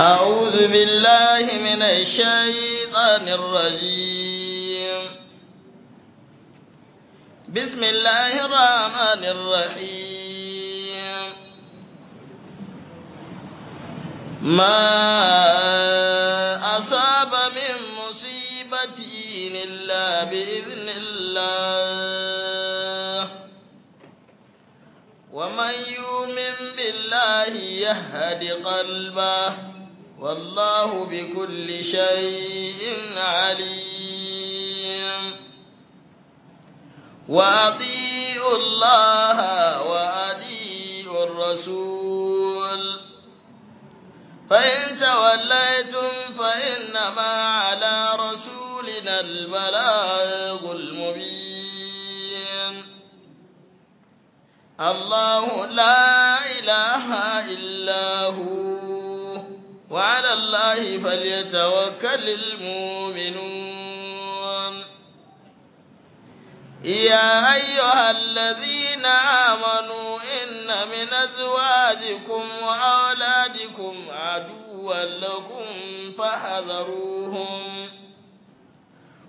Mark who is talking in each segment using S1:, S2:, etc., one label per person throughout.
S1: أعوذ بالله من الشيطان الرجيم بسم الله الرحمن الرحيم ما أصاب من مصيبة إلا بإذن الله ومن يؤمن بالله يهد قلبه والله بكل شيء عليم
S2: وأطيعوا الله
S1: وأطيعوا الرسول فإن توليتم فإنما على رسولنا البلاغ المبين الله لا إله إلا هو وعلى الله فليتوكل المؤمنون
S2: يا أيها
S1: الذين آمنوا إن من أزواجكم وأولادكم عدوا لكم فحذروهم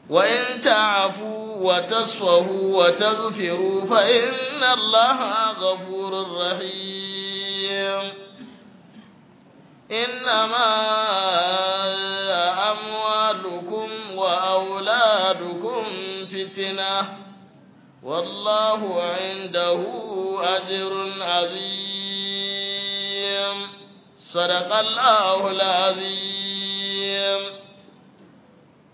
S1: وإن تعفوا وتصفهوا وتغفروا فإن الله غفور رحيم إنما أموالكم وأولادكم فتنة والله عنده أجر عظيم صدق الله العظيم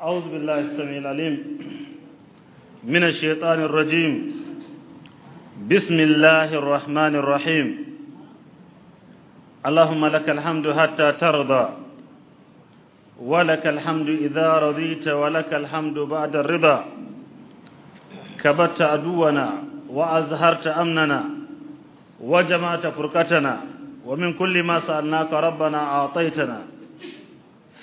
S2: أعوذ بالله السميع العليم من الشيطان الرجيم بسم الله الرحمن الرحيم اللهم لك الحمد حتى ترضى ولك الحمد إذا رضيت ولك الحمد بعد الرضا كبت عدونا وأزهرت أمننا وجمعت فرقتنا ومن كل ما سألناك ربنا أعطيتنا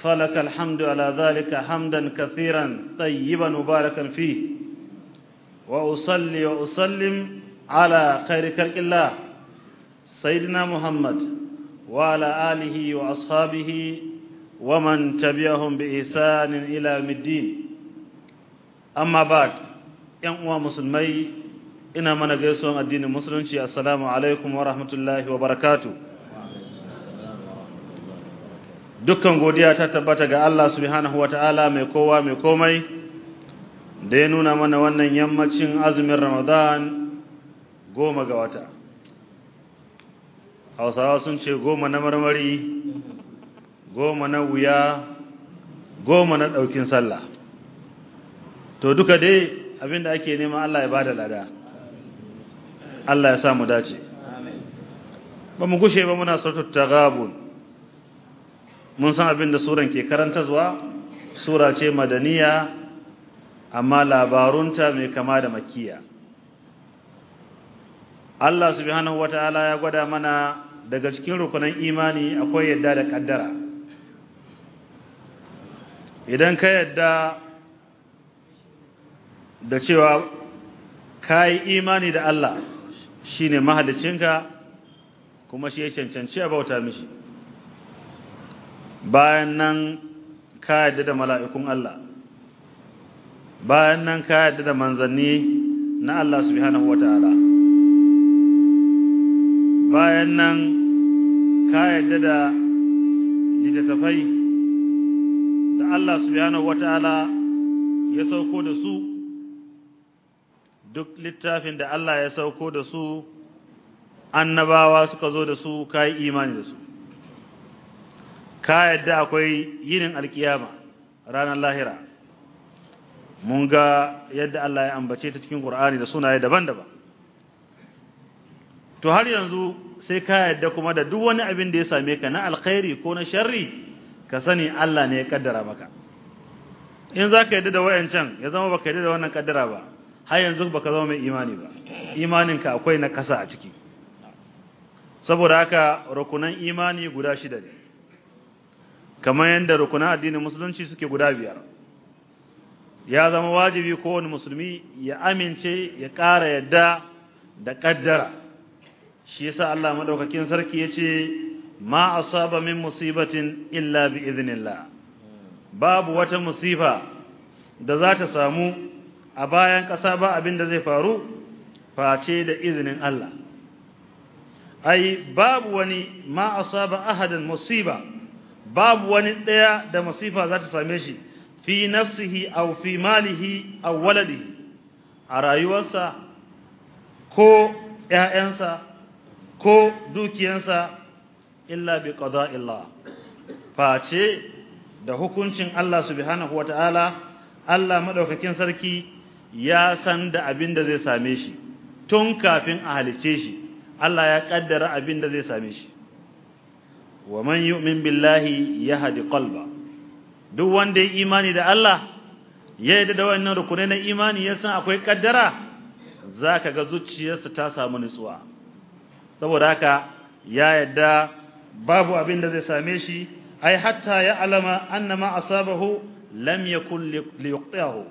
S2: فلك الحمد على ذلك حمدا كثيرا طيبا مباركا فيه وأصلي وأسلم على خير خلق الله سيدنا محمد وعلى آله وأصحابه ومن تبعهم بإحسان إلى يوم أما بعد يا مسلمي ina mana gaisuwan addinin musulunci السلام عليكم wa rahmatullahi wa dukkan godiya ta tabbata ga Allah subhanahu ta'ala mai kowa mai komai da ya nuna mana wannan yammacin azumin Ramadan goma ga wata hausawa sun ce goma na marmari goma na wuya goma na ɗaukin sallah to duka dai abinda ake nema Allah ya bada lada Allah ya sa mu dace ba mu gushe ba muna sautar tagabun mun san abinda suran ke karantarwa sura ce madaniya amma labarunta mai kama da makiya Allah subhanahu wataala ya gwada mana daga cikin rukunan imani akwai yadda da kaddara idan ka yadda da cewa ka yi imani da Allah shi ne ka kuma shi ya cancanci a bauta mishi bayan nan ka yadda da mala'ikun Allah bayan nan ka yadda da manzanni na Allah subhanahu wa ta'ala bayan nan ka yadda da littattafai da Allah subhanahu wataala ya sauko da su duk littafin da Allah ya sauko da su annabawa suka zo da su kai imani da su ka yadda akwai yinin alkiyama ranar lahira mun ga yadda Allah ya ambace ta cikin Qur'ani da sunaye daban-daban to har yanzu sai ka yadda kuma da duk wani abin da ya same ka na alkhairi ko na sharri ka sani Allah ne ya kaddara maka in zaka yadda da wayancan ya zama baka yadda da wannan kaddara ba har yanzu baka zama mai imani ba imaninka akwai na kasa a ciki saboda haka rukunan imani guda shida ne kamar yadda rukunan addinin musulunci suke guda biyar ya zama wajibi kowane musulmi ya amince ya ƙara yadda da kaddara shi yasa Allah madaukakin sarki yace ma asaba min musibatin illa bi idhnillah babu wata musifa da za ta samu a bayan ƙasa ba abin da zai faru face da izinin Allah ai babu wani ma asaba ahadan musiba babu wani daya da musifa za ta same shi fi nafsihi aw fi malihi aw waladihi a rayuwarsa ko ƴaƴansa ko dukiyansa illa bi qada'illah face da hukuncin Allah subhanahu wataala Allah madaukakin sarki ya san da abin da zai same shi tun kafin a halice shi Allah ya kaddara abin da zai same shi wa man yu'min billahi yahdi qalba duk wanda ya imani da Allah ya yi da wannan rukunai na imani ya san akwai kaddara zaka ga zuciyarsa ta samu nutsuwa saboda haka ya yadda babu abin da zai same shi ai hatta ya alama annama asabahu lam yakun liyuqtahu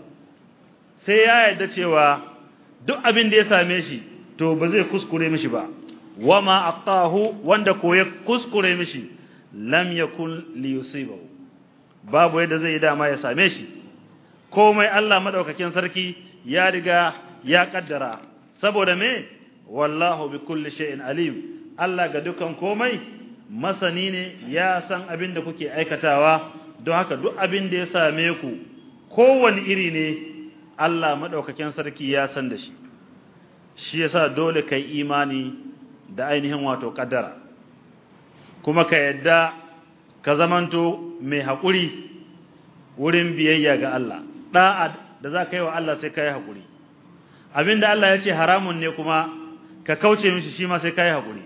S2: sai ya yadda cewa duk abin da ya same shi to ba zai kuskure mishi ba wama aqtahu wanda ko ya kuskure mishi lam yakun liyusibahu babu yadda zai dama ya same shi komai Allah madaukakin sarki ya riga ya kaddara saboda me wallahu bi kulli shay'in alim Allah ga dukan komai masani ne ya san abin da kuke aikatawa don haka duk abin da ya same ku kowanne iri ne Allah madaukakin sarki ya san da shi shi yasa dole kai imani da ainihin wato kaddara kuma ka yadda ka zamanto mai hakuri wurin biyayya ga Allah da'a da za ka yi wa Allah sai ka yi hakuri abinda Allah ya ce haramun ne kuma ka kauce mishi shi ma sai kai hakuri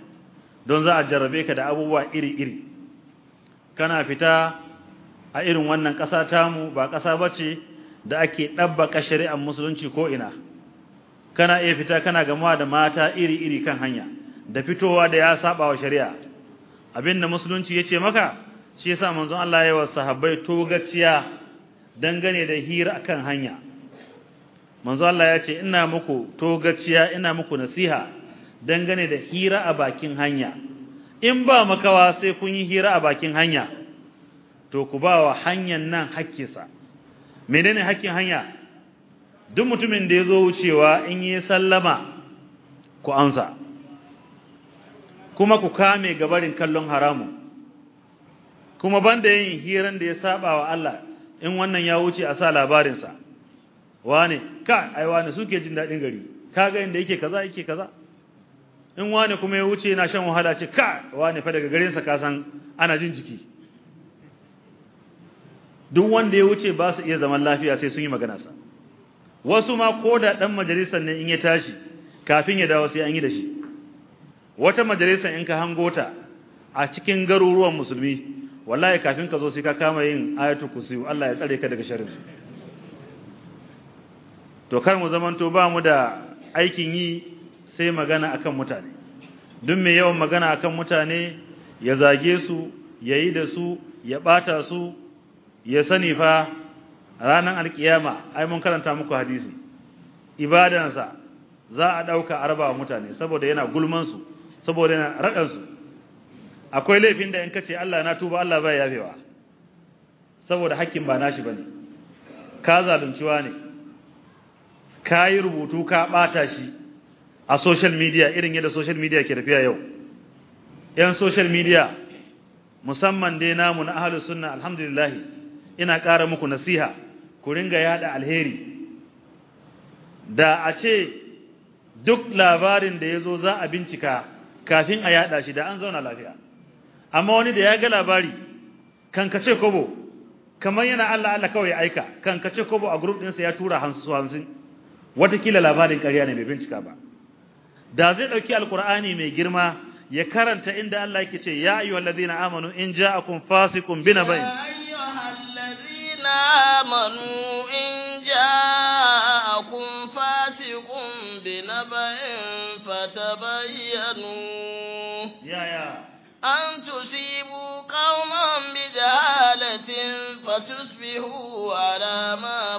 S2: don za a jarrabe ka da abubuwa iri-iri kana fita a irin wannan ƙasa tamu ba ƙasa bace da ake dabbaka shari'ar musulunci ko ina kana iya fita kana gamuwa da mata iri-iri kan hanya da fitowa da ya saba wa shari'a abinda musulunci yace maka shi yasa manzon Allah ya wa sahabbai togaciya dangane da hira kan hanya manzo Allah ya ce ina muku togaciya ina muku nasiha dangane da hira a bakin hanya in ba makawa sai kun yi hira a bakin hanya to ku ba wa hanyan nan hakkinsa menene hakkin hanya duk mutumin da yazo wucewa in yi sallama ku amsa kuma ku kame gabarin kallon haramu. kuma banda yin hiran da ya saba wa Allah in wannan ya wuce a sa labarin sa wane ka ai wane suke jin dadin gari kaga inda yake kaza yake kaza in wani kuma ya wuce yana shan wahala ce ka wani fa daga garin sa kasan ana jin jiki duk wanda ya wuce ba su iya zaman lafiya sai sun yi magana sa wasu ma koda dan majalisar ne in ya tashi kafin ya dawo sai an yi da shi wata majalisar in ka hangota a cikin garuruwan musulmi wallahi kafin ka zo sai ka kama yin ayatul kursi Allah ya tsare ka daga sharri to kar mu zamanto ba mu da aikin yi sai magana akan mutane duk mai yawan magana akan mutane ya zage su yayi da su ya bata su ya sani fa ranar alkiyama ai mun karanta muku hadisi ibadansa za a dauka arba mutane saboda yana gulman su saboda yana radan su akwai laifin da in kace Allah na tuba Allah bai yafewa saboda hakkin ba nashi bane ka zalunciwa ne kayi rubutu ka bata shi a social media irin yadda social media ke tafiya yau yan social media musamman dai namu na ahlus sunna alhamdulillah ina ƙara muku nasiha ku ringa yada alheri da a ce duk labarin da yazo za a bincika kafin a yada shi da an zauna lafiya amma wani da ya ga labari kankace kobo kamar yana Allah Allah kawai ya aika kankace kobo a group ɗinsa ya tura hansu hansu kila labarin ƙarya ne bai bincika ba da zai dauki alqur'ani mai girma ya karanta inda Allah yake ce ya ayyuhallazina amanu in ja'akum fasiqun binabain ya
S1: ayyuhallazina amanu in ja'akum fasiqun binabain fatabayyanu ya ya an tusibu qauman bijahalatin fatusbihu ala ma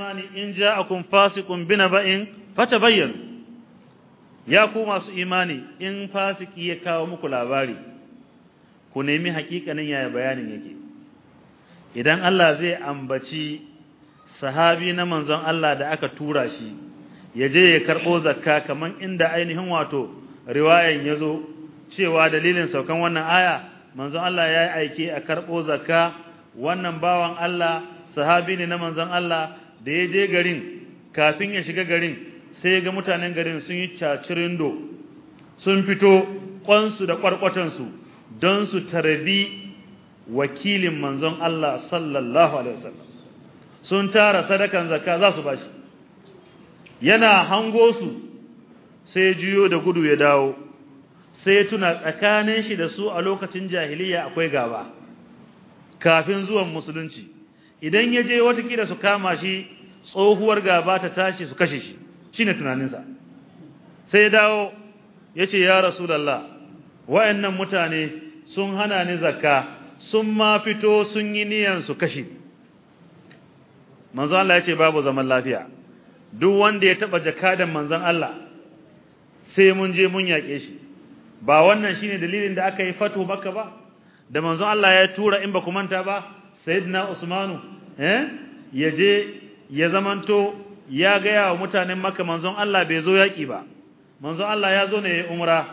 S2: imani in ja'akum fasiqun binaba'in fatabayyanu ya ku masu imani in fasiki ya kawo muku labari ku nemi hakikanin yaya bayanin yake idan Allah zai ambaci sahabi na manzon Allah da aka tura shi ya je ya karbo zakka kaman inda ainihin wato riwayan yazo cewa dalilin saukan wannan aya manzon Allah ya aike a karbo zakka wannan bawan Allah sahabi ne na manzon Allah da ya je garin kafin ya shiga garin sai ga mutanen garin sun yi cacirindo sun fito kwansu da kwarkwatansu don su tarbi wakilin manzon Allah sallallahu alaihi wasallam sun tara sadakan zakka za su bashi yana hango su sai juyo da gudu ya dawo sai tuna tsakanin shi da su a lokacin jahiliya akwai gaba kafin zuwan musulunci idan ya je watakila su kama shi tsohuwar gaba ta tashi su kashe shi shine tunaninsa sai ya dawo yace ya rasulullah wayannan mutane sun hana ni zakka sun ma fito sun yi niyan su kashe manzo Allah yace babu zaman lafiya duk wanda ya taba da manzon Allah sai mun je mun yake shi ba wannan shine dalilin da aka yi fatu baka ba da manzon Allah ya tura in ba ku manta ba sayyidina usmanu eh yaje ya zamanto ya gaya wa mutanen makka manzon Allah bai zo yaki ba manzon Allah ya zo ne umra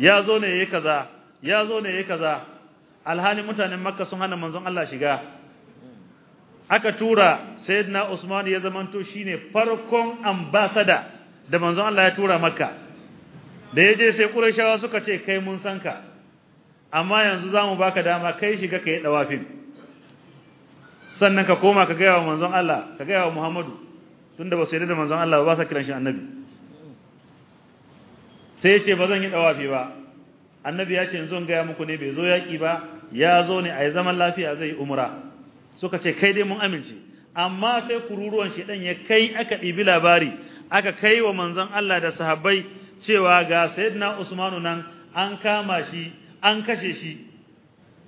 S2: ya zo ne yayi kaza ya zo ne yayi kaza alhali mutanen makka sun hana manzon Allah shiga aka tura sayyidina usmanu ya zamanto shine farkon ambassador da manzon Allah ya tura makka da yaje sai quraishawa suka ce kai mun san ka amma yanzu zamu baka dama kai shiga kai dawafin sannan ka koma ka gaya wa manzon Allah ka gaya wa Muhammadu tunda ba su yarda da manzon Allah ba sa kiran shi annabi sai yace ba zan yi dawafi ba annabi ya ce yanzu zan gaya muku ne bai zo yaki ba ya zo ne ai zaman lafiya zai umra suka ce kai dai mun amince amma sai kururuwan shedan ya kai aka dibi labari aka kai wa manzon Allah da sahabbai cewa ga sayyidina Usmanu nan an kama shi an kashe shi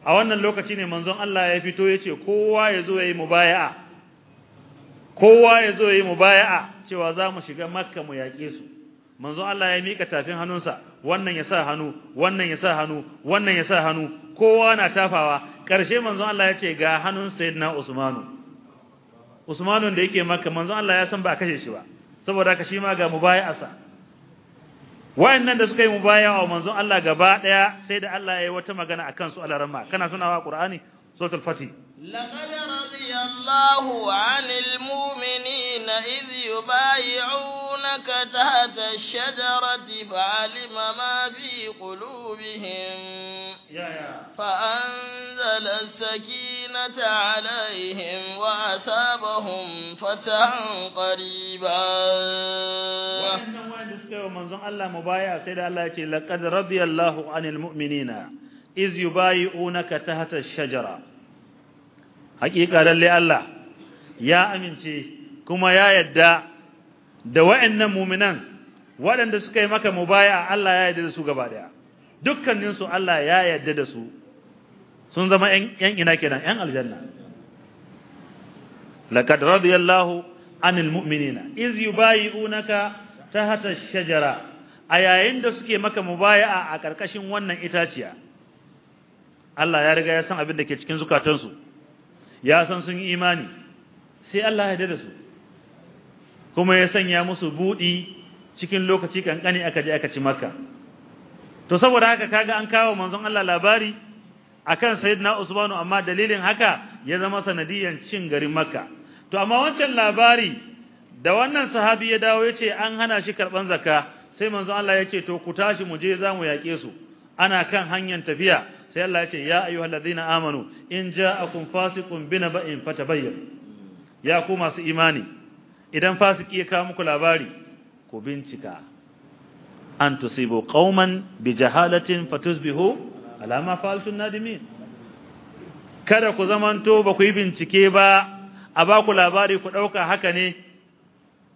S2: a wannan lokaci ne manzon Allah ya fito yace kowa yazo yayi mubaya'a kowa yazo yayi mubaya'a cewa za mu shiga makka mu yake su manzon Allah ya mika tafin hannunsa wannan ya sa hannu wannan ya sa hannu wannan ya sa hannu kowa na tafawa karshe manzon Allah ya ce ga hannun sayyidina Usmanu Usmanun da yake makka manzon Allah ya san ba kashe shi ba saboda haka shi ma ga mubaya'arsa wayannan da suka yi mubaya'a manzon Allah gaba daya sai da Allah ya yi wata magana akan su alarma kana sunawa Qur'ani suratul fatih
S1: laqad radiyallahu 'anil mu'minina id yubay'unaka tahta ash-shajarati fa'alima ma fi qulubihim ya ya fa'anzala as-sakinata 'alayhim wa asabahum fatahan qariba
S2: wa manzon Allah mubaya sai da Allah ya ce laqad radiyallahu anil mu'minina iz yubayi'unaka tahta ash-shajara haƙiƙa lalle Allah ya amince kuma ya yadda da wa'annan mu'minan waɗanda suka yi maka mubaya Allah ya yadda da su gaba daya dukkanin su Allah ya yadda da su sun zama ƴan ina kenan ƴan aljanna laqad radiyallahu anil mu'minina iz yubayi'unaka tahta shajara a yayin da suke maka mubaya'a a karkashin wannan itaciya Allah ya riga ya san abin da ke cikin zukatansu ya san sun yi imani sai Allah ya da su kuma ya sanya musu budi cikin lokaci kankani aka je aka ci maka to saboda haka kaga an kawo manzon Allah labari akan sayyidina Usmanu amma dalilin haka ya zama sanadiyan cin garin Makka to amma wancan labari da wannan sahabi ya dawo yace an hana shi karban zakka sai manzo Allah yace to ku tashi mu je zamu yake su ana kan hanyar tafiya sai Allah yace ya ladina amanu in ja'akum fasiqun binaba'in fatabayyan ya ku masu imani idan fasiki ya kawo muku labari ku bincika an tusibu qauman bijahalatin fatusbihu ala ma fa'altun nadimin kada ku zamanto ba ku yi bincike ba a ba ku labari ku dauka haka ne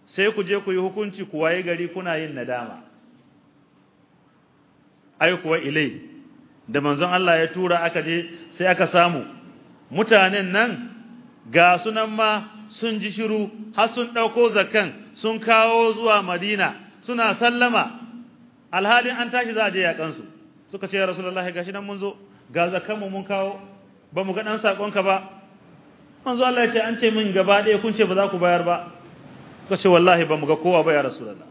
S2: sai ku je ku yi hukunci ku waye gari kuna yin nadama ai kuwa ilai da manzon Allah ya tura aka je sai aka samu mutanen nan ga sunan ma sun ji shiru har sun dauko zakan sun kawo zuwa Madina suna sallama alhalin an tashi za a je yakan su suka ce ya rasulullahi gashi nan mun zo ga zakan mu mun kawo bamu ga dan sakon ka ba manzo Allah ya ce an ce min gaba ɗaya kun ce ba za ku bayar ba kace wallahi ba mu kowa ba ya rasulullah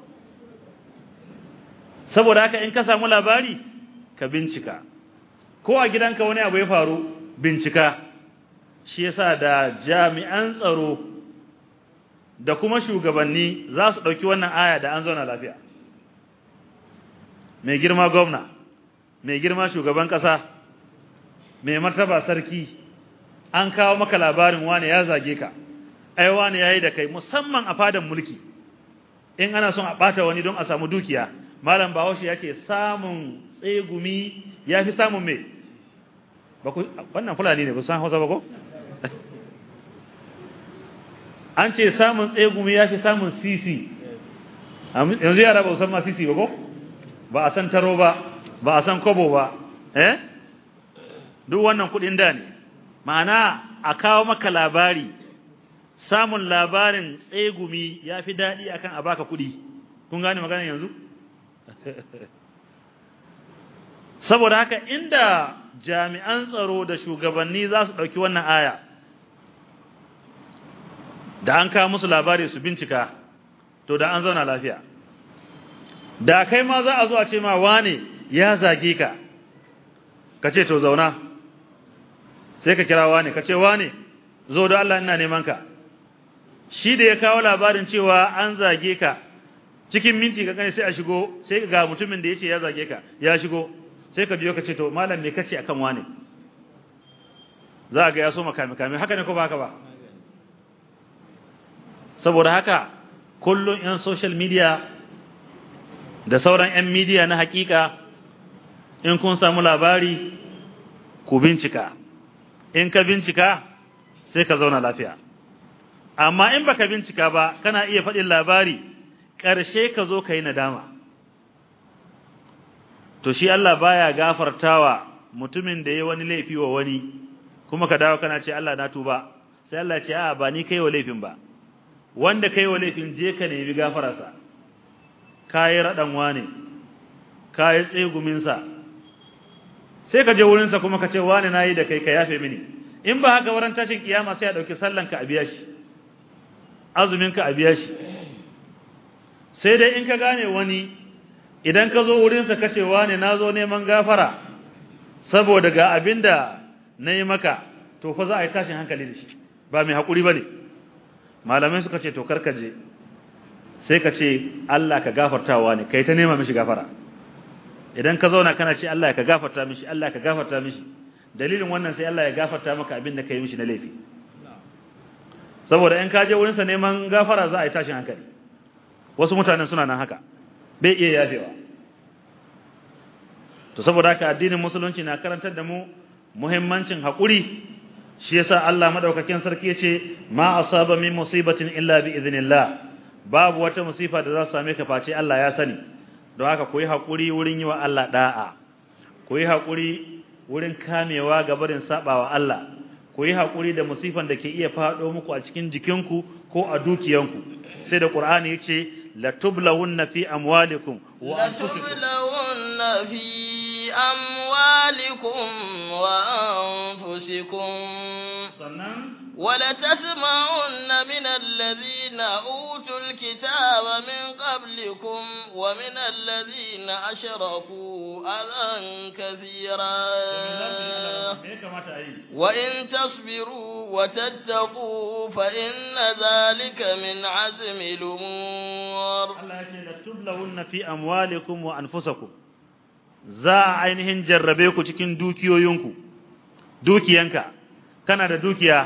S2: saboda haka in ka samu labari ka bincika ko a gidanka wani abu ya faru bincika shi yasa da jami'an tsaro da kuma shugabanni za su dauki wannan aya da an zauna lafiya mai girma gwamna mai girma shugaban kasa mai martaba sarki an kawo maka labarin wani ya zage ka aiwa wani yayi da kai musamman a fadan mulki in ana son a bata wani don a samu dukiya malam bawoshi yake samun tsegumi yafi samun me wannan fulani ne ba san Hausa ba ko an ce samun tsegumi yafi samun sisi yanzu yara ba san ma sisi ba ko ba a san taro ba ba a san kobo ba eh duk wannan kudin da ne ma'ana a kawo maka labari samun labarin tsegumi ya fi daɗi akan a baka kudi kun gane magana yanzu saboda haka inda jami'an tsaro da shugabanni za su dauki wannan aya da an kawo musu labari su bincika to da an zauna lafiya da kai ma za a zo a ce ma wane ya zage ka kace to zauna sai ka kira wane kace wane zo da Allah ina neman ka shi da ya kawo labarin cewa an zage ka cikin minti ka gane sai a shigo sai ga mutumin da yace ya zage ka ya shigo sai ka biyo ka ce to malam me kace akan wane za ga ya so makami kami haka ne ko ba haka ba saboda haka kullun yan social media da sauran yan media na hakika in kun samu labari ku bincika in ka bincika sai ka zauna lafiya amma in baka bincika ba kana iya faɗin labari ƙarshe ka zo ka yi nadama to shi Allah baya gafartawa mutumin da ya wani laifi wa wani kuma ka dawo kana ce Allah na tuba sai Allah ce a ba ni kai wa laifin ba wanda kai wa laifin je ka nemi gafararsa kai radan wane kai tsegumin sa sai ka je wurin sa kuma ka ce wane nayi da kai ka yafe mini in ba haka waran tashin kiyama sai a dauki sallanka a biya shi azumin ka a biya shi sai dai in ka gane wani idan ka zo wurin sa kace wane nazo neman gafara saboda ga abinda nayi maka to fa za a yi tashin hankali da shi ba mai hakuri bane malamai suka ce to karkaje sai ka ce Allah ka gafartawa ne kai ta nema mishi gafara idan ka zauna kana ce Allah ka gafarta mishi Allah ka gafarta mishi dalilin wannan sai Allah ya gafarta maka abin da kai mishi na laifi saboda in ka je wurin sa neman gafara za a yi tashin hankali wasu mutane suna nan haka bai iya yafewa to saboda haka addinin musulunci na karantar da mu muhimmancin hakuri shi yasa Allah madaukakin sarki yace ma asaba min musibatin illa bi idhnillah babu wata musifa da za ta same ka face Allah ya sani don haka koyi hakuri wurin yi wa Allah da'a koyi hakuri wurin kamewa ga barin sabawa Allah ku yi hakuri da musifan da ke iya fado muku a cikin jikinku ko a dukiyanku sai da qur'ani yace la tublawunna fi amwalikum wa
S1: anfusikum fi amwalikum wa anfusikum sannan ولتسمعن من الذين أوتوا الكتاب من قبلكم ومن الذين أشركوا أذى كثيرا وإن تصبروا وتتقوا فإن ذلك من عزم الأمور
S2: لهن في أموالكم وأنفسكم za ainihin jarrabe ku cikin dukiyoyinku dukiyanka kana da dukiya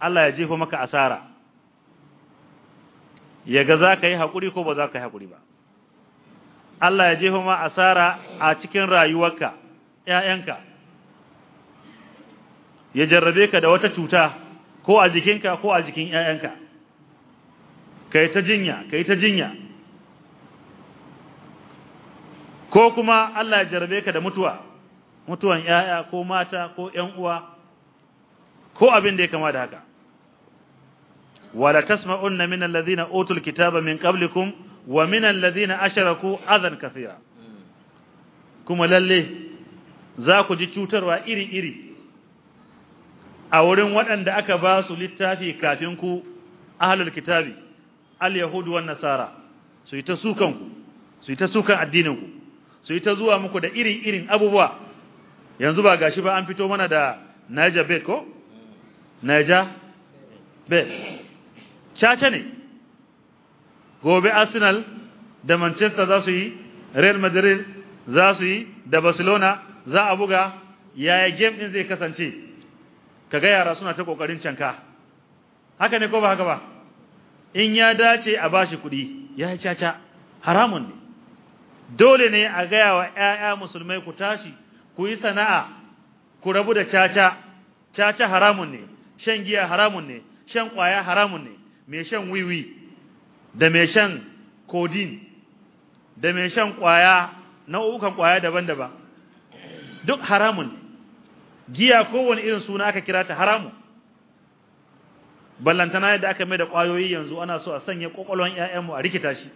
S2: Allah ya jefa maka asara yaga za ka yi hakuri ko ba za ka yi hakuri ba Allah ya jefa ma asara a cikin rayuwarka ƴaƴanka ya jarrabe ka da wata cuta ko a jikinka ko a jikin ƴaƴanka kai ta jinya kai ta jinya ko kuma Allah ya jarrabe ka da mutuwa mutuwan ƴaƴa ko mata ko ƴan uwa ko abin da ya kama da haka wala tasma'unna min alladhina utul kitaba min qablikum wa min alladhina asharaku adhan kathira kuma lalle za ku ji cutarwa iri-iri a wurin waɗanda aka ba su littafi kafin ku ahlul kitabi al-yahud nasara su yi ta sukan ku su yi ta sukan addinin ku su yi ta zuwa muku da iri-irin abubuwa yanzu ba gashi ba an fito mana da najabe ko naja be caca ne gobe Arsenal da Manchester za su yi Real Madrid za su yi da Barcelona za a buga yaya game din zai kasance kaga yara suna ta kokarin canka haka ne ko ba haka ba in ya dace a bashi kudi ya caca haramun ne dole ne a gaya wa yaya musulmai ku tashi ku yi sana'a ku rabu da caca caca haramun ne shan giya haramun ne shan kwaya haramun ne mai shan wiwi da mai shan codeine da mai shan kwaya nau'ukan kwaya daban-daban duk haramun ne giya kowane irin suna aka kira ta haramun ballantana yadda aka mai da kwayoyi yanzu ana so a sanya kokolon 'ya'yanmu a rikita shi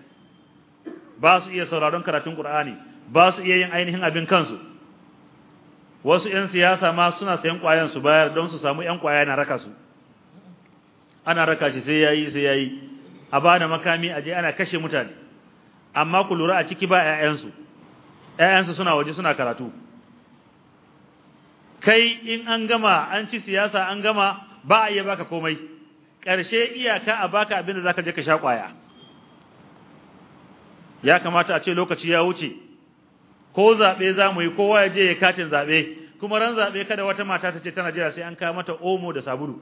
S2: ba su iya sauraron karatun Qur'ani ba su iya yin ainihin abin kansu wasu ƴan siyasa ma suna sayan ƙwayan su bayar don su samu ƴan ƙwaya na raka su ana raka shi sai yayi sai yayi a bana makami aje ana kashe mutane amma ku lura a ciki ba ƴaƴan 'ya'yansu suna waje suna karatu kai in an gama an ci siyasa an gama ba a iya baka komai ƙarshe iyaka a baka abin da zaka je ka sha ƙwaya ya kamata a ce lokaci ya wuce ko zabe zamu yi kowa ya je ya katin zabe kuma ran zabe kada wata mata ta ce tana jira sai an kawo mata omo da sabulu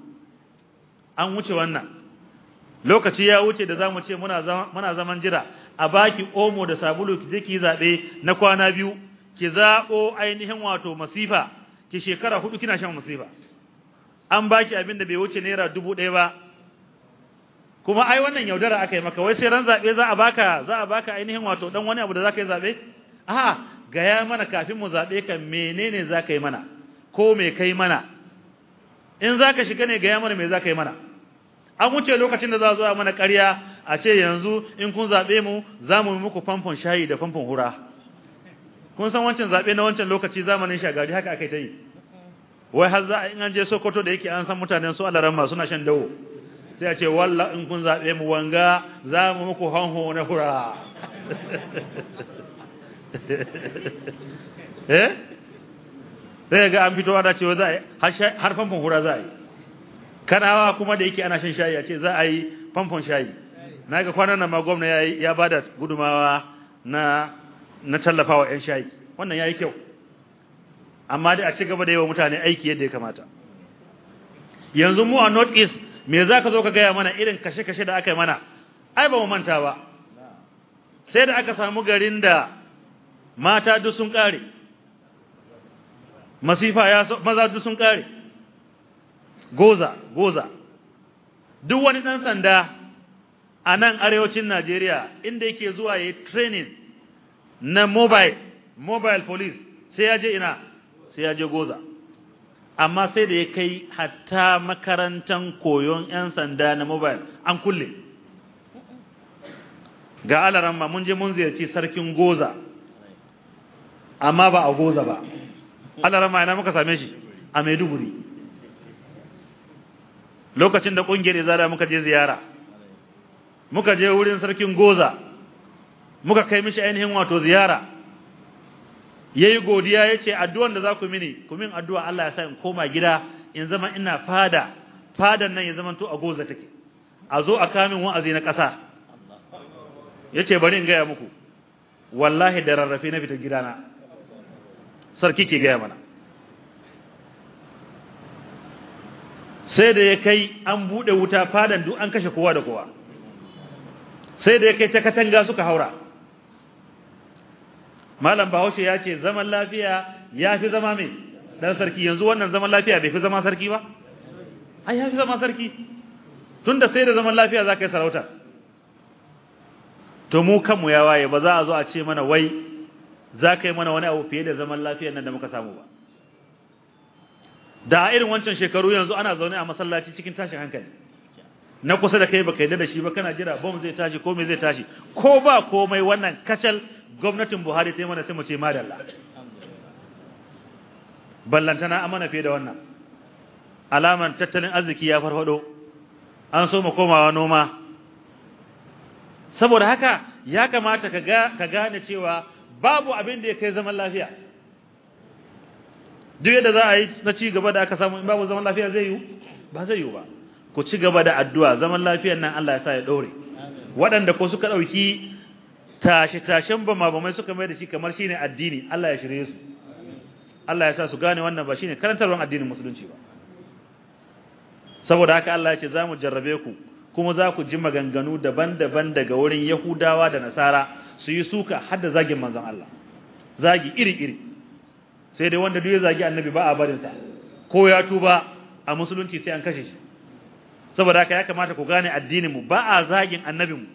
S2: an wuce wannan lokaci ya wuce da zamu ce muna muna zaman jira a baki omo da sabulu ki je ki zabe na kwana biyu ki zabo ainihin wato masifa ki shekara hudu kina shan masifa an baki abin da bai wuce naira 1000 ba kuma ai wannan yaudara akai maka wai sai ran zabe za a baka za a baka ainihin wato dan wani abu da zaka yi zabe a'a gaya mana kafin mu zabe ka menene zaka yi mana ko me kai mana in zaka shiga ne gaya mana me zaka yi mana an wuce lokacin da za zo mana ƙarya a ce yanzu in kun zabe mu za mu yi muku famfon shayi da famfon hura kun san wancan zabe na wancan lokaci zamanin shagari haka akai ta yi wai har za a in an je Sokoto da yake an san mutanen su rahma suna shan dawo sai a ce walla in kun zabe mu wanga za mu muku hanho na hura eh ga an fito ana cewa za a har famfon hura za a yi kanawa kuma da yake ana shan shayi a ce za a yi famfon shayi Na ga kwanan nan ma gwamna ya ba da gudumawa na na tallafawa yan shayi wannan yayi kyau amma dai a ci gaba da yawa mutane aiki yadda ya kamata yanzu mu a north east me za ka zo ka gaya mana irin kashe-kashe da aka yi mana ai ba mu manta ba sai da aka samu garin da mata duk sun kare masifa ya maza duk sun kare goza goza duk wani dan sanda a nan arewacin Najeriya inda yake zuwa yi training na mobile mobile police sai ya je ina sai ya je goza amma sai da ya kai hatta makarantan koyon yan sanda na mobile an kulle ga alaran ma mun je mun ziyarci sarkin goza amma ba a goza ba Allah rama ina muka same shi a Maiduguri lokacin da kungiyar Izara muka je ziyara muka je wurin sarkin Goza muka kai mishi ainihin wato ziyara yayi godiya yace addu'an da za ku mini ku min addu'a Allah ya sa in koma gida in zama ina fada fadan nan ya zama to a Goza take a zo a kamin wa'azi na kasa yace bari in ga muku wallahi da rarrafe na fita gidana sarki ke gaya mana sai da ya kai an bude wuta fadan duk an kashe kowa da kowa sai da ya kai ta katanga suka haura malam bahaushe ya ce zaman lafiya ya fi zama mai dan sarki yanzu wannan zaman lafiya bai fi zama sarki ba ai ya fi zama sarki tunda sai da zaman lafiya za ka yi sarauta to mu kanmu ya waye ba za a zo a ce mana wai za ka yi mana wani abu fiye da zaman lafiyar nan da muka samu ba da irin wancan shekaru yanzu ana zaune a masallaci cikin tashin hankali na kusa da kai baka yi da shi ba kana jira bom zai tashi ko me zai tashi ko ba komai wannan kacal gwamnatin Buhari ta yi mana sai mu ce madalla ballantana amana fiye da wannan alaman tattalin arziki ya farfado an so mu komawa noma saboda haka ya kamata ka ga ka gane cewa babu abin da ya kai zaman lafiya duk yadda za a yi na ci gaba da aka samu in babu zaman lafiya zai yi ba zai yi ba ku ci gaba da addu'a zaman lafiyar nan Allah ya sa ya dore waɗanda ko suka dauki tashi tashin bama mai suka mai da shi kamar shine addini Allah ya shirye su Allah ya sa su gane wannan ba shine karantarwar addinin musulunci ba saboda haka Allah ya ce za mu jarrabe ku kuma za ku ji maganganu daban-daban daga wurin Yahudawa da Nasara su yi suka har da zagin manzon Allah zagi iri iri sai dai wanda duk ya zagi annabi ba a barin sa ko ya tuba a musulunci sai an kashe shi saboda haka ya kamata ku gane addinin mu ba a zagin annabin mu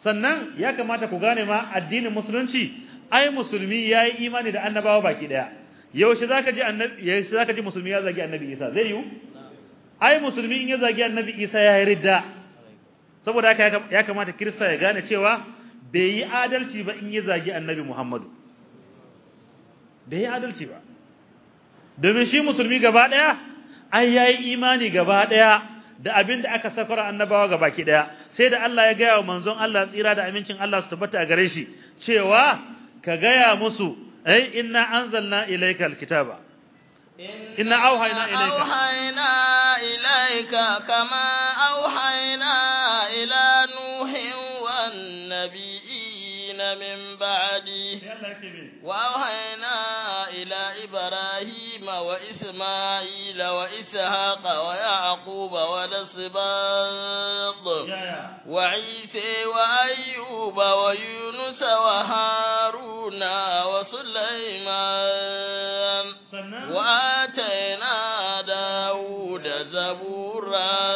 S2: sannan ya kamata ku gane ma addinin musulunci ai musulmi yayi imani da annabawa baki daya yaushe zaka ji annabi yaushe zaka ji musulmi ya zagi annabi Isa zai yi ai musulmi in ya zagi annabi Isa ya ridda. saboda haka ya kamata kirista ya gane cewa bai yi adalci ba in ya zagi annabi Muhammadu bai yi adalci ba domin shi musulmi gaba daya ai yayi imani gaba daya da abin da aka sakar annabawa gaba ki daya sai da Allah ya gaya wa manzon Allah tsira da amincin Allah su tabbata a gare shi cewa ka gaya musu ai inna anzalna ilayka alkitaba inna auhayna ilayka auhayna ilayka
S1: kama auhayna ila nuh عيسى وأيوب ويونس وهارون وسليمان وآتينا داود زبورا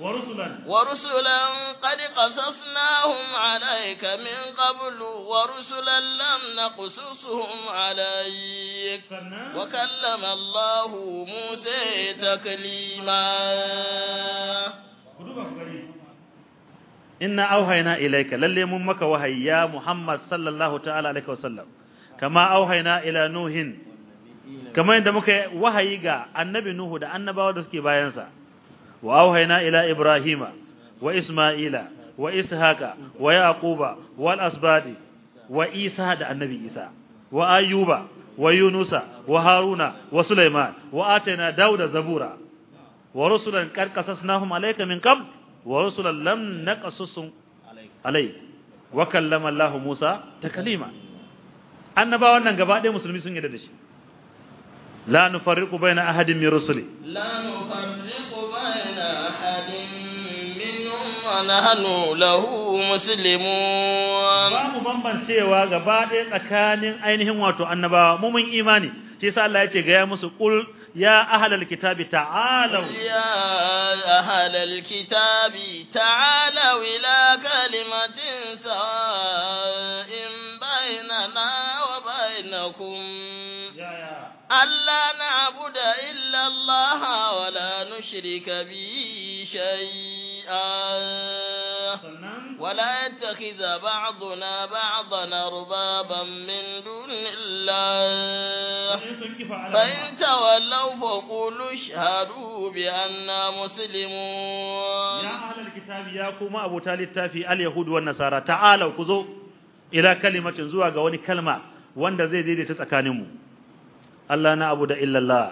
S1: ورسلا ورسلا قد قصصناهم عليك من قبل ورسلا لم نقصصهم عليك وكلم الله موسى تكليما
S2: inna auhayna ilayka lalle mun maka wahayi ya Muhammad sallallahu ta'ala alaihi sallam kama auhayna ila nuhin kama yadda muka wahayi ga annabi nuhu da annabawa da suke bayan sa wa auhayna ila ibrahima wa isma'ila wa ishaqa wa yaquba wal asbadi wa isa da annabi isa wa ayyuba wa yunusa wa haruna wa sulaiman wa atayna dauda zabura wa rusulan qad qasasnahum alayka min qabl wa rusulan lam naqasusun alai wa kallama Allah Musa takalima annabawan nan gaba ɗaya musulmi sun yarda da shi la nufarriqu baina ahadin min rusuli
S1: la nufarriqu baina ahadin minhum wa nahnu
S2: lahu muslimun ba mu bambancewa gaba ɗaya tsakanin ainihin wato annabawa mu mun imani shi yasa Allah ya ce ga ya musu qul يا أهل الكتاب تعالوا يا
S1: أهل الكتاب تعالوا إلى كلمة سواء بيننا وبينكم ألا نعبد إلا الله ولا نشرك به شيئا ولا يتخذ بعضنا بعضا أربابا من دون
S2: الله
S1: فإن تولوا فقولوا اشهدوا بأننا مسلمون
S2: يا أهل الكتاب يا كما أبو تالي التافي اليهود والنصارى تعالوا كذو إلى كلمة زواج وني كلمة وان زي دي تتكانمو الله نعبد إلا الله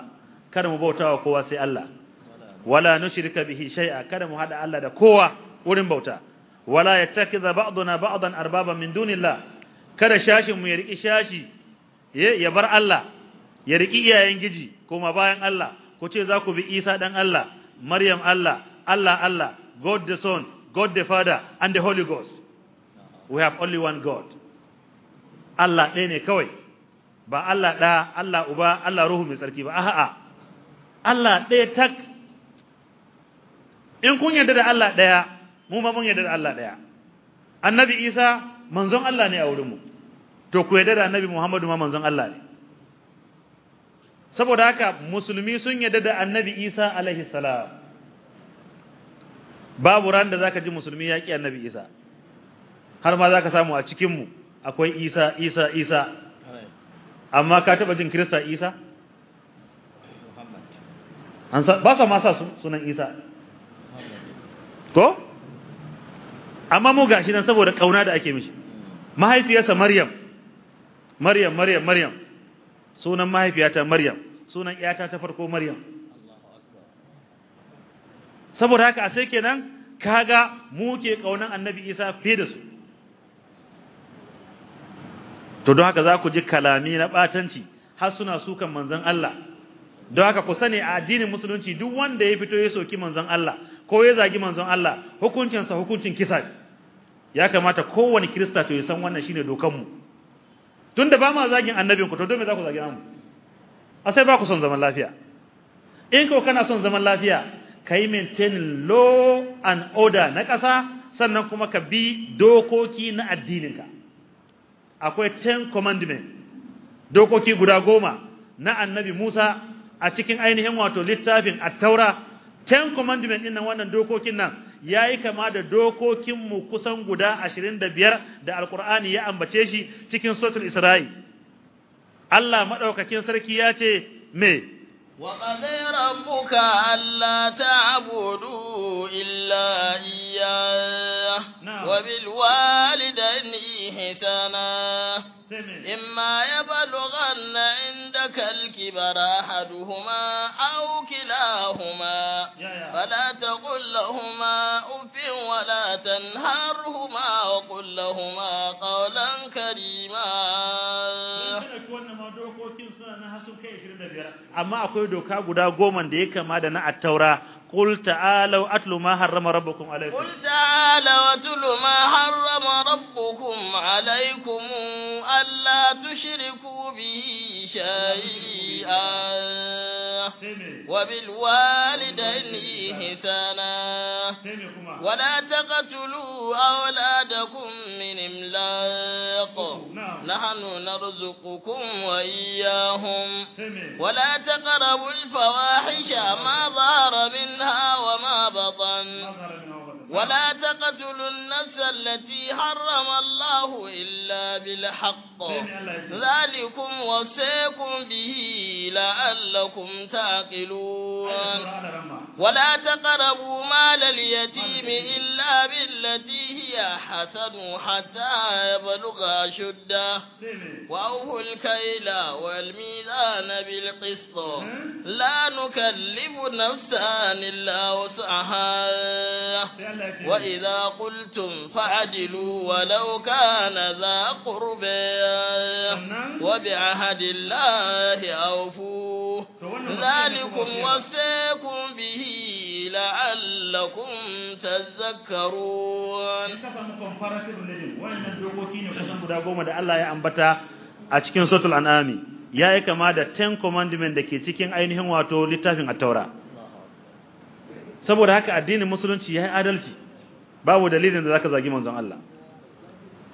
S2: kada mu bautawa kowa sai Allah wala nushrika bihi shai'a kada mu haɗa Allah da kowa wurin bauta wala yattakiza ba'duna ba'dan arbaba min dunillah kada shashin mu ya riki shashi ya bar Allah ya riki iyayen giji ma bayan Allah ku ce za ku bi Isa dan Allah Maryam Allah Allah Allah God the Son God the Father and the Holy Ghost we have only one God Allah ɗaya ne kawai ba Allah ɗa Allah uba Allah ruhu mai tsarki ba a'a Allah ɗaya tak in kun yarda da Allah ɗaya mu ma mun yarda da Allah ɗaya annabi Isa manzon Allah ne a wurin mu to ku yarda da annabi Muhammadu ma manzon Allah ne saboda haka musulmi sun yadda da annabi Isa alaihi salam babu ran da zaka ji musulmi ya ki annabi Isa har ma zaka samu a cikin mu akwai Isa Isa Isa amma ka taba jin krista Isa an sa ba sa ma sa sunan Isa ko amma mu gashi dan saboda kauna da ake mishi mahaifiyarsa Maryam Maryam Maryam Maryam sunan mahaifiyata Maryam sunan iyata ta farko Maryam saboda haka sai kenan kaga mu ke kaunan Annabi Isa fi da su to don haka za ku ji kalami na batanci har suna sukan manzon Allah don haka ku sani a addinin musulunci duk wanda ya fito ya soki manzon Allah ko ya zagi manzon Allah hukuncinsa hukuncin kisa ya kamata kowanne kirista to ya san wannan shine dokan mu tunda ba ma zagin annabin ku to don me za ku zagi namu a sai ba ku son zaman lafiya in ko kana son zaman lafiya kai maintain law and order na ƙasa sannan kuma ka bi dokoki na addininka akwai 10 commandment dokoki guda goma na annabi Musa a cikin ainihin wato littafin at-taura 10 commandment din nan wannan dokokin nan yayi kama da dokokinmu kusan guda 25 da alqur'ani ya ambace shi cikin suratul isra'i Allah madaukakin sarki ya ce me
S1: wa qadara rabbuka alla ta'budu illa iyyah wa bil walidayni ihsana imma yablughanna indaka al ahaduhuma aw kilahuma fala taqul وانهارهما وقل لهما قولا كريما
S2: amma akwai doka guda goma da ya kama da na attaura qul ta'alu atlu ma harrama rabbukum alaykum qul ta'alu atlu ma
S1: harrama rabbukum alaykum alla tushriku bihi shay'a wa bil walidayni ihsana ولا تقتلوا أولادكم من إملاق نعم. نحن نرزقكم وإياهم ولا تقربوا الفواحش ما ظهر منها وما بطن ولا تقتلوا النفس التي حرم الله إلا بالحق ذلكم وصيكم به لعلكم تعقلون ولا تقربوا مال اليتيم إلا بالتي هي حسن حتى يبلغ شده وأوفوا الكيل والميزان بالقسط لا نكلف نفسا إلا وسعها وإذا قلتم فعدلوا ولو كان ذا قربا وبعهد الله أوفوا ذلكم وساكم به لعلكم
S2: تذكرون wannan ne kusan guda goma da Allah ya ambata a cikin an'ami kama da ten commandment ke cikin ainihin wato littafin a taura saboda haka addinin musulunci yi adalci babu dalilin da ka zagi manzon Allah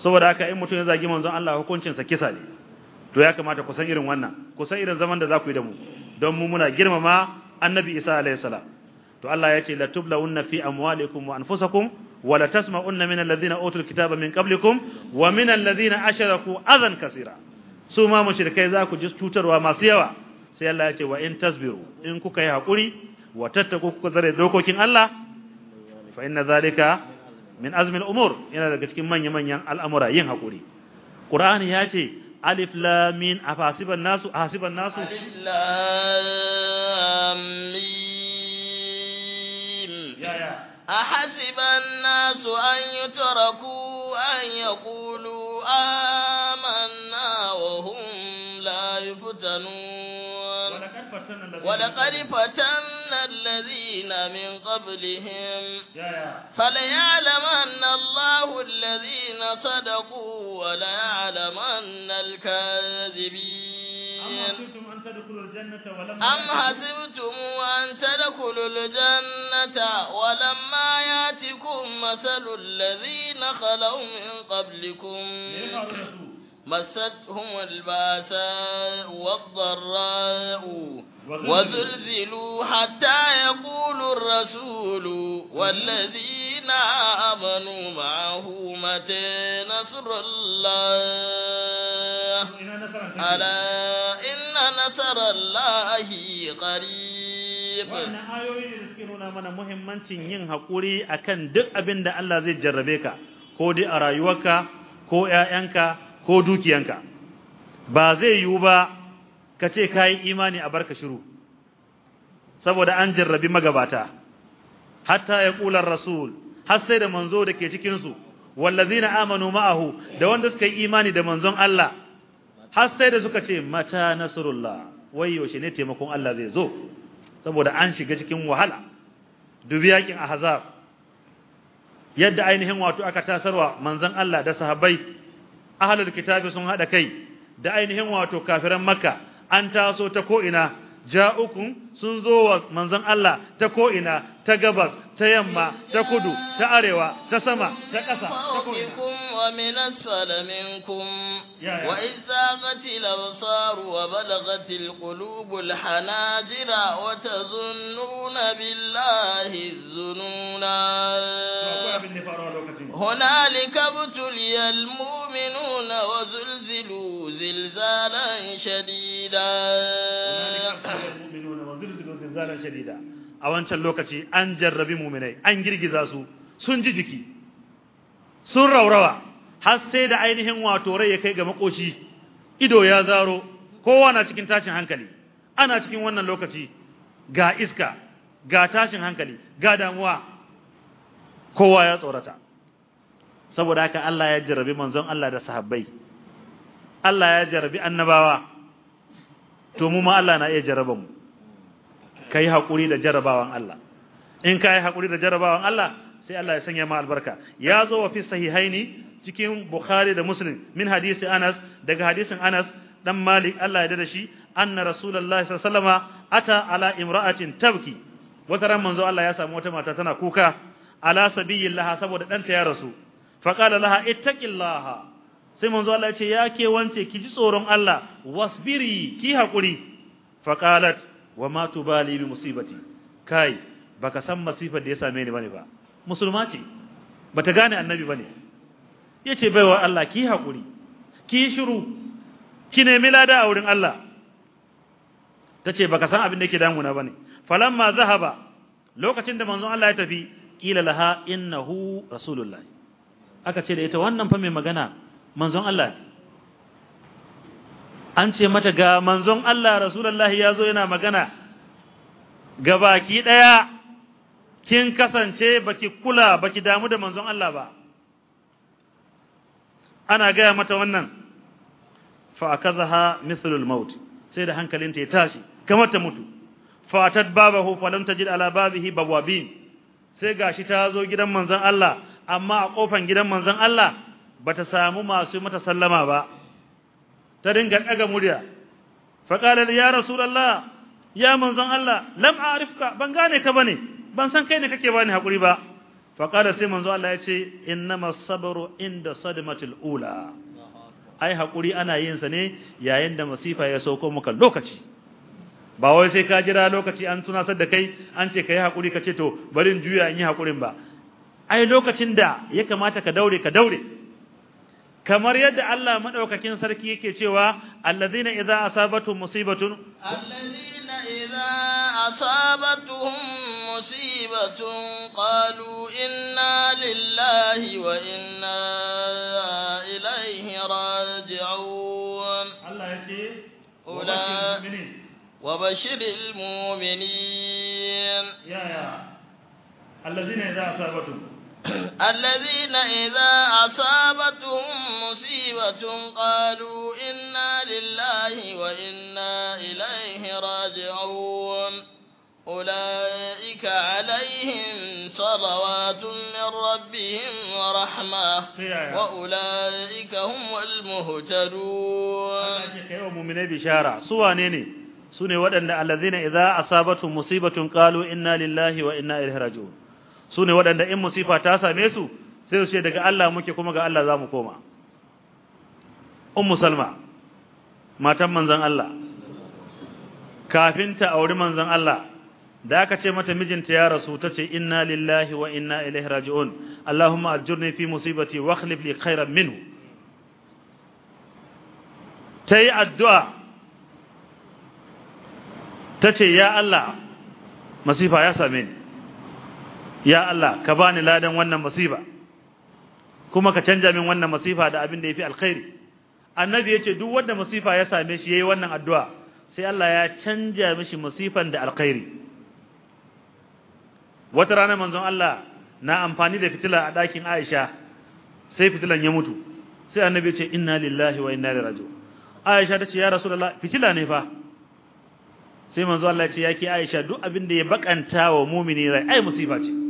S2: saboda haka in mutum ya zagi manzon Allah hukuncinsa kisa ne to ya kamata ku san irin wannan ku san irin zaman da za ku yi da mu don mu muna girmama annabi isa alayhi salam to Allah ya ce la tublawunna fi amwalikum wa anfusakum wa la tasma'unna min alladhina utul kitaba min qablikum wa min alladhina ashraku adhan kaseera su ma mushrikai za ku ji cutarwa masu yawa sai Allah ya ce wa in tasbiru in kuka yi hakuri wa tattaku kuka zare dokokin Allah fa inna zalika min azmi al-umur yana daga cikin manya-manyan al'amura yin hakuri Qur'ani ya ce alif lam mim afasiban nasu ahasiban nasu alif
S1: lam mim ya ya ahasiban nasu an yutraku an yaqulu amanna wa hum la yuftanun wa laqad fatanna ليعلمن الذين من قبلهم فليعلمن الله الذين صدقوا وليعلمن الكاذبين أم حسبتم أن تدخلوا الجنة ولما ياتكم مثل الذين خلوا من قبلكم مستهم الباساء والضراء وزلزلوا حتى يقول الرسول والذين آمنوا معه متى نصر الله ألا إن نصر الله قريب wannan
S2: da nuna mana muhimmancin yin haƙuri akan duk abin da Allah zai jarrabe ka ko dai a rayuwarka ko 'ya'yanka ko dukiyanka ba zai yiwu ba kace kai imani a barka shiru saboda an jarrabi magabata hatta ya kula rasul har sai da manzo dake cikin su wallazina amanu ma'ahu da wanda suka yi imani da manzon Allah har sai da suka ce mata nasrullah wai yaushe ne taimakon Allah zai zo saboda an shiga cikin wahala dubi yakin ahzab yadda ainihin wato aka tasarwa manzon Allah da sahabbai ahlul kitabi sun hada kai da ainihin wato kafiran makka an taso ta ko'ina, ja ja'ukum sun zo wa manzon Allah ta ko'ina, ta gabas ta yamma ta kudu ta arewa ta sama ta ƙasa ta ko
S1: ina wa min wa izaqatil absar wa balagatil qulubul hanajira wa tazunnuna billahi zununa هنالك ابتلي المؤمنون وزلزلوا زلزالا شديدا
S2: a wancan lokaci an jarrabi mu'minai an girgiza su sun ji jiki sun raurawa har sai da ainihin wato rai ya kai ga makoshi ido ya zaro kowa na cikin tashin hankali ana cikin wannan lokaci ga iska ga tashin hankali ga damuwa kowa ya tsorata saboda haka Allah ya jarrabi manzon Allah da sahabbai Allah ya jarrabi annabawa to mu ma Allah na iya jarraba mu kai hakuri da jarrabawan Allah in kai hakuri da jarrabawan Allah sai Allah ya sanya ma albarka ya zo wa fi sahihaini cikin Bukhari da Muslim min hadisi Anas daga hadisin Anas dan Malik Allah ya da shi anna rasulullahi sallallahu alaihi wasallama ata ala imra'atin tabki wata ran manzo Allah ya samu wata mata tana kuka ala sabiyillaha saboda danta ya rasu faqala laha ittaqillaha sai manzo Allah ya ce ya ke wance ki ji tsoron Allah wasbiri ki hakuri faqalat wama tubali bi musibati kai baka san masifar da ya same ni bane ba musulma ce bata gane annabi bane yace baiwa Allah ki hakuri ki shiru ki nemi lada a wurin Allah tace baka san abin da yake damuna bane falamma zahaba lokacin da manzon Allah ya tafi kila laha innahu rasulullahi aka ce da ita wannan fa mai magana manzon Allah an ce mata ga manzon Allah rasulullahi yazo yana magana ga baki daya kin kasance baki kula baki damu da manzon Allah ba ana gaya mata wannan fa akazaha mithlul maut sai da hankalinta ya tashi kamar ta mutu fatat babahu falam tajid ala babihi bawabin sai gashi ta zo gidan manzon Allah amma a kofan gidan manzon Allah bata samu masu mata sallama ba ta dinga daga murya fa qala ya rasulullah ya manzon Allah lam a'rifka ban gane ka bane ban san kai ne kake bani hakuri ba fa qala sai manzon Allah ya ce innamas sabru inda sadmatil ula ai hakuri ana yin sa ne yayin da masifa ya sauko maka lokaci ba wai sai ka jira lokaci an tunasar da kai an ce kai hakuri kace to bari in juya in yi hakurin ba ai lokacin da ya kamata ka daure ka daure kamar yadda Allah madaukakin sarki yake cewa allazina idza asabatu musibatun
S1: allazina idza asabatuhum musibatun qalu inna lillahi wa inna ilaihi raji'un Allah yake ula وبشر المؤمنين ya يا
S2: الذين إذا أصابتهم
S1: الذين إذا أصابتهم مصيبة قالوا إنا لله وإنا إليه راجعون أولئك عليهم صلوات من ربهم ورحمة وأولئك هم المهتدون
S2: مؤمنين بشارة سوى نيني سوني ودن الذين إذا أصابتهم مصيبة قالوا إنا لله وإنا إليه راجعون sune waɗanda in musifa ta same su sai su ce daga Allah muke kuma ga Allah zamu koma ummu salma matan manzon Allah kafin ta auri manzon Allah da aka ce mata mijinta ya rasu tace inna lillahi wa inna ilaihi raji'un allahumma ajurni fi musibati wa akhlif li khairan minhu tayi addu'a tace ya allah masifa ya same ni ya Allah ka bani ladan wannan masifa kuma ka canja min wannan masifa da abin da yafi alkhairi annabi yace duk wanda masifa ya same shi yayi wannan addu'a sai Allah ya canja mishi masifan da alkhairi wata rana manzon Allah na amfani da fitila a dakin Aisha sai fitilan ya mutu sai annabi yace inna lillahi wa inna ilaihi raji'un Aisha tace ya rasulullah fitila ne fa sai manzo Allah ya ce yake Aisha duk abin da ya bakanta wa mu'mini rai ai masifa ce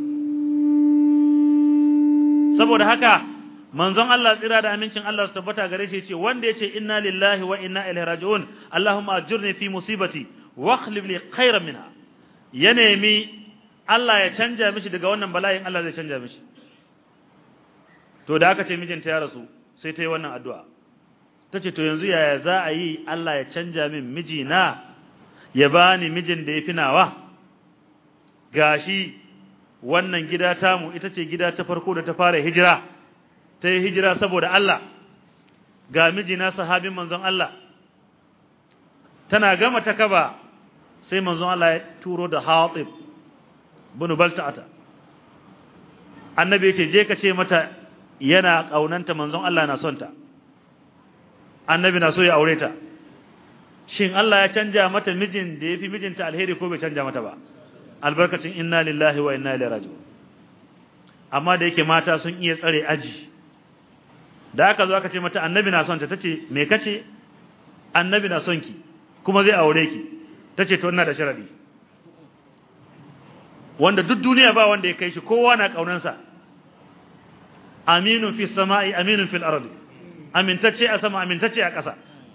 S2: saboda haka manzon Allah tsira da amincin Allah su tabbata gare shi yace wanda yace inna lillahi wa inna ilaihi raji'un Allahumma ajirni fi musibati wa akhlif li khayran minha ya nemi Allah ya canja mishi daga wannan bala'in Allah zai canja mishi to da aka ce mijinta ya rasu sai ta yi wannan addu'a tace to yanzu yaya za a yi Allah ya canja min mijina ya bani mijin da ya fi nawa gashi wannan gida tamu ita ce gida ta farko da ta fara hijira ta yi hijira saboda Allah ga mijina sahabin manzon Allah tana gama ta kaba sai manzon Allah ya turo da Hatib bin Balta'ata annabi ya ce, je ka ce mata yana kaunanta manzon Allah na son ta annabi na so ya aure ta shin Allah ya canja mata mijin da yafi mijinta alheri ko bai canja mata ba albarkacin inna lillahi wa inna ilaihi raji'un amma da yake mata sun iya tsare aji da aka zo aka ce mata annabi na son ta tace me kace annabi na son ki kuma zai aure ki tace to ina da sharadi wanda duk duniya ba wanda ya kai shi kowa na sa aminun fi samai aminun fil ardi amintace a sama amintace a ƙasa